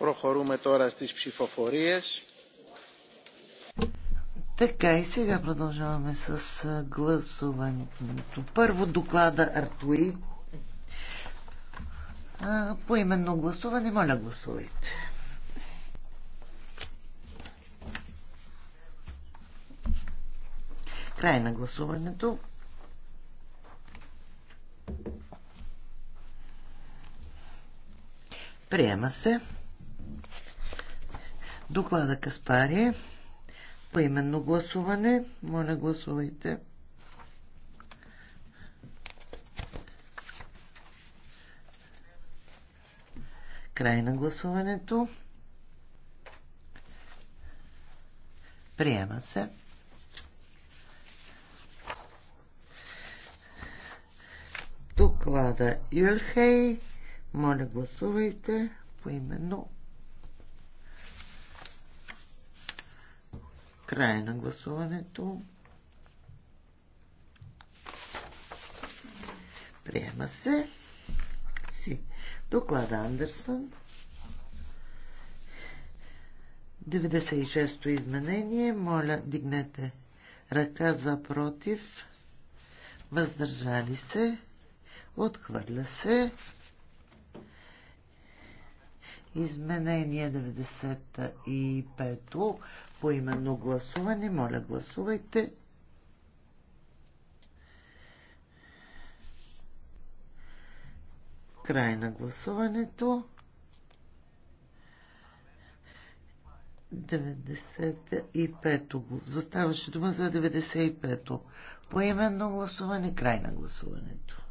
Προχωρούμε τώρα στις ψηφοφορίες. Така и сега продължаваме с гласуването. Първо доклада Артуи. По именно гласуване, моля гласувайте. Край на гласуването. Приема се. Доклада Каспари. Поименно гласуване. Моля, гласувайте. Край на гласуването. Приема се. Доклада Юрхей, Моля, гласувайте поименно. именно. Край на гласуването. Приема се. Си. Доклада Андерсън. 96-то изменение. Моля, дигнете ръка за против. Въздържали се. Отхвърля се. Изменение 95-то по именно гласуване. Моля, гласувайте. Край на гласуването. 95-то. Заставаше дума за 95-то. По именно гласуване, край на гласуването.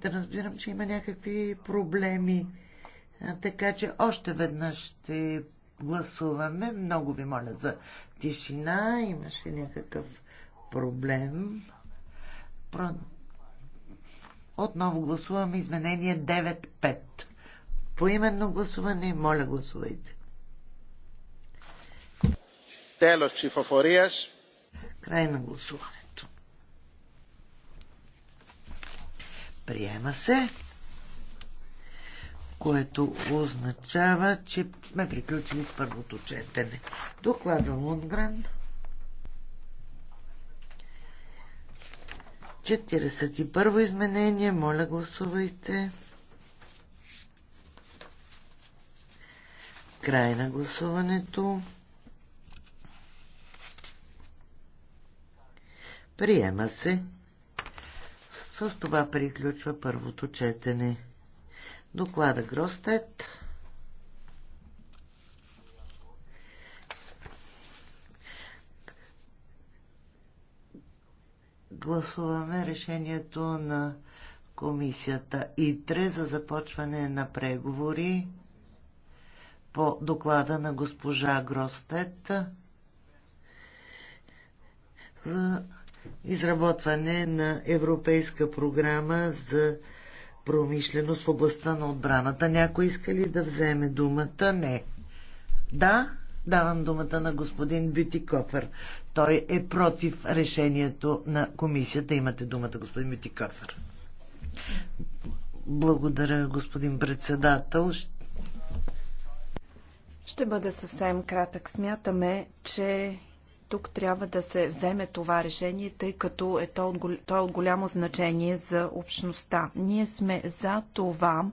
да разбирам, че има някакви проблеми. Така че още веднъж ще гласуваме. Много ви моля за тишина. Имаше някакъв проблем. Про... Отново гласуваме изменение 9-5. Поименно гласуване. Моля, гласувайте. Телос ψηφοφορίας. Край на гласуване. Приема се, което означава, че сме приключили с първото четене. Доклада Лунгрен. 41 во изменение. Моля, гласувайте. Край на гласуването. Приема се. С това приключва първото четене. Доклада Гростет. Гласуваме решението на комисията ИТРЕ за започване на преговори по доклада на госпожа Гростет за изработване на европейска програма за промишленост в областта на отбраната. Някой иска ли да вземе думата? Не. Да, давам думата на господин Бютикофер. Той е против решението на комисията. Имате думата, господин Бютикофер. Благодаря, господин председател. Ще бъда съвсем кратък. Смятаме, че тук трябва да се вземе това решение, тъй като е то, то е от голямо значение за общността. Ние сме за това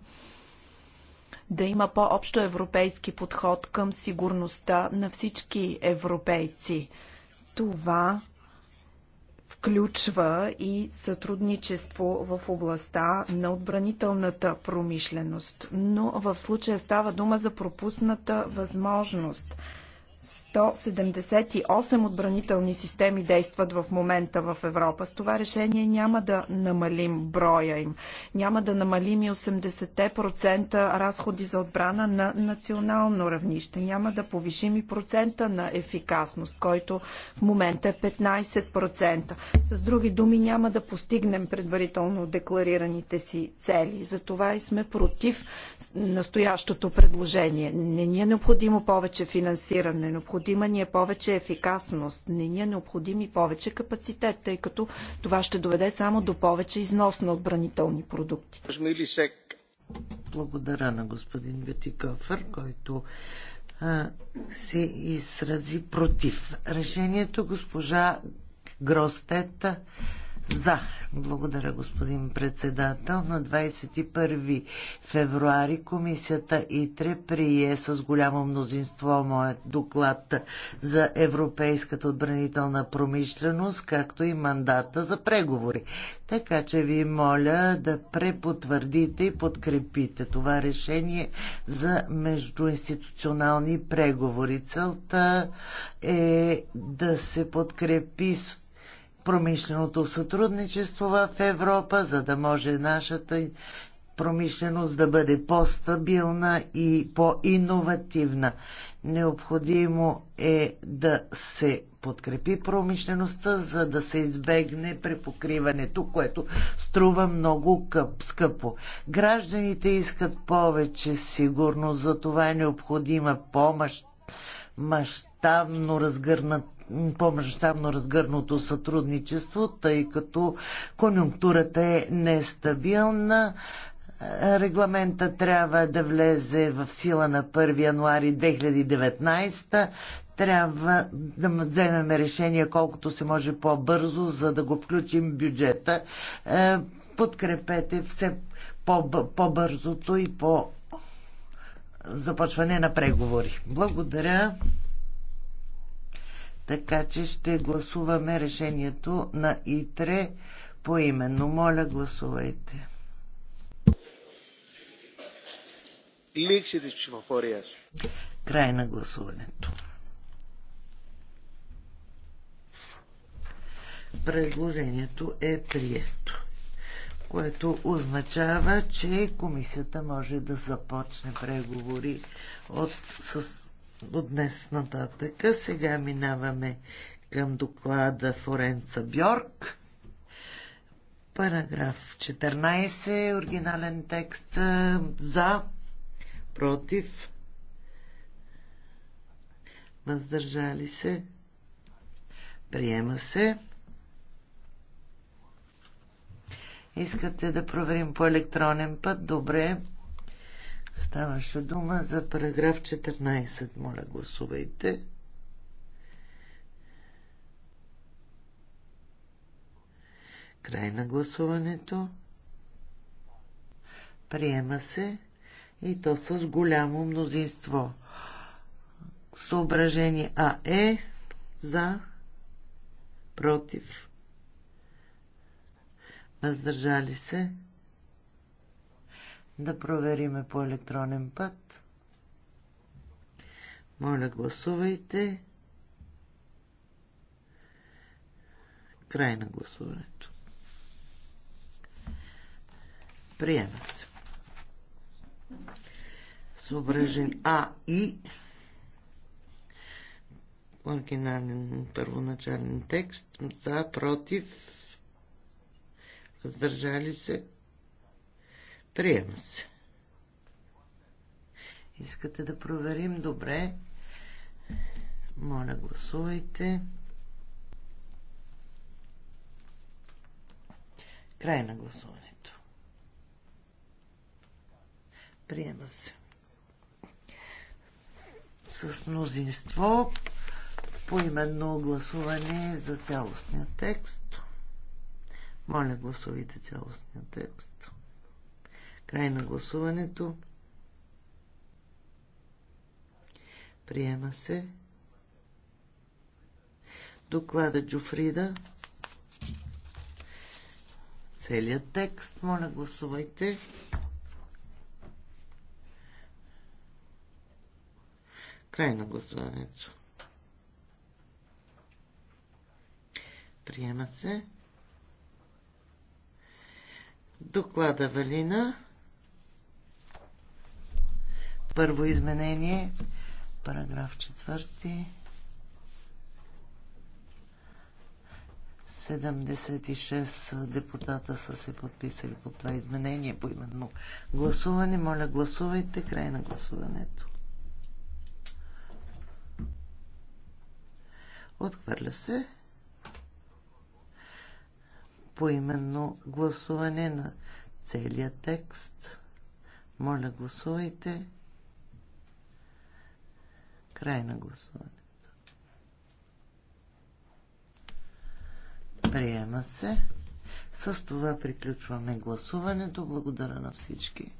да има по-общо европейски подход към сигурността на всички европейци. Това включва и сътрудничество в областта на отбранителната промишленост. Но в случая става дума за пропусната възможност – 178 отбранителни системи действат в момента в Европа. С това решение няма да намалим броя им. Няма да намалим и 80% разходи за отбрана на национално равнище. Няма да повишим и процента на ефикасност, който в момента е 15%. С други думи, няма да постигнем предварително декларираните си цели. Затова и сме против настоящото предложение. Не ни е необходимо повече финансиране финансиране. Е необходима ни е повече ефикасност. Не ни е необходим и повече капацитет, тъй като това ще доведе само до повече износ на отбранителни продукти. Благодаря на господин Бетикофър, който а, се изрази против решението. Госпожа Гростета за. Благодаря, господин председател. На 21 февруари комисията ИТРЕ прие с голямо мнозинство моят доклад за европейската отбранителна промишленост, както и мандата за преговори. Така че ви моля да препотвърдите и подкрепите това решение за междуинституционални преговори. Целта е да се подкрепи промишленото сътрудничество в Европа, за да може нашата промишленост да бъде по-стабилна и по-инновативна. Необходимо е да се подкрепи промишлеността, за да се избегне препокриването, което струва много къп, скъпо. Гражданите искат повече сигурност, за това е необходима помощ, мащабно разгърнат по-мащабно разгърнато сътрудничество, тъй като конюнктурата е нестабилна. Регламента трябва да влезе в сила на 1 януари 2019. Трябва да вземем решение колкото се може по-бързо, за да го включим в бюджета. Е, подкрепете все по-бързото и по започване на преговори. Благодаря. Така че ще гласуваме решението на ИТРЕ по именно Моля, гласувайте. Ликсите, της ψηφοφορίας. Край на гласуването. Предложението е прието, което означава, че комисията може да започне преговори от, с от днес нататък. Сега минаваме към доклада Форенца Бьорк. Параграф 14, оригинален текст за, против, въздържали се, приема се. Искате да проверим по електронен път? Добре. Ставаше дума за параграф 14. Моля, гласувайте. Край на гласуването. Приема се и то с голямо мнозинство. Съображение А е за, против, въздържали се да провериме по електронен път. Моля, гласувайте. Край на гласуването. Приема се. Съображен А и оригинален първоначален текст за, против, въздържали се, Приема се. Искате да проверим? Добре. Моля, гласувайте. Край на гласуването. Приема се. С мнозинство поименно гласуване за цялостния текст. Моля, гласувайте цялостния текст. Край на гласуването. Приема се. Доклада Джуфрида. Целият текст. Моля, гласувайте. Край на гласуването. Приема се. Доклада Валина. Първо изменение, параграф 4. 76 депутата са се подписали по това изменение по именно гласуване. Моля, гласувайте. Край на гласуването. Отхвърля се. По именно гласуване на целия текст. Моля, гласувайте. Край на гласуването. Приема се. С това приключваме гласуването. Благодаря на всички.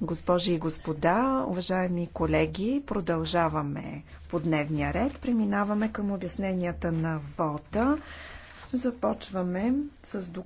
Госпожи и господа, уважаеми колеги, продължаваме по дневния ред. Преминаваме към обясненията на ВОТа. Започваме с доклада.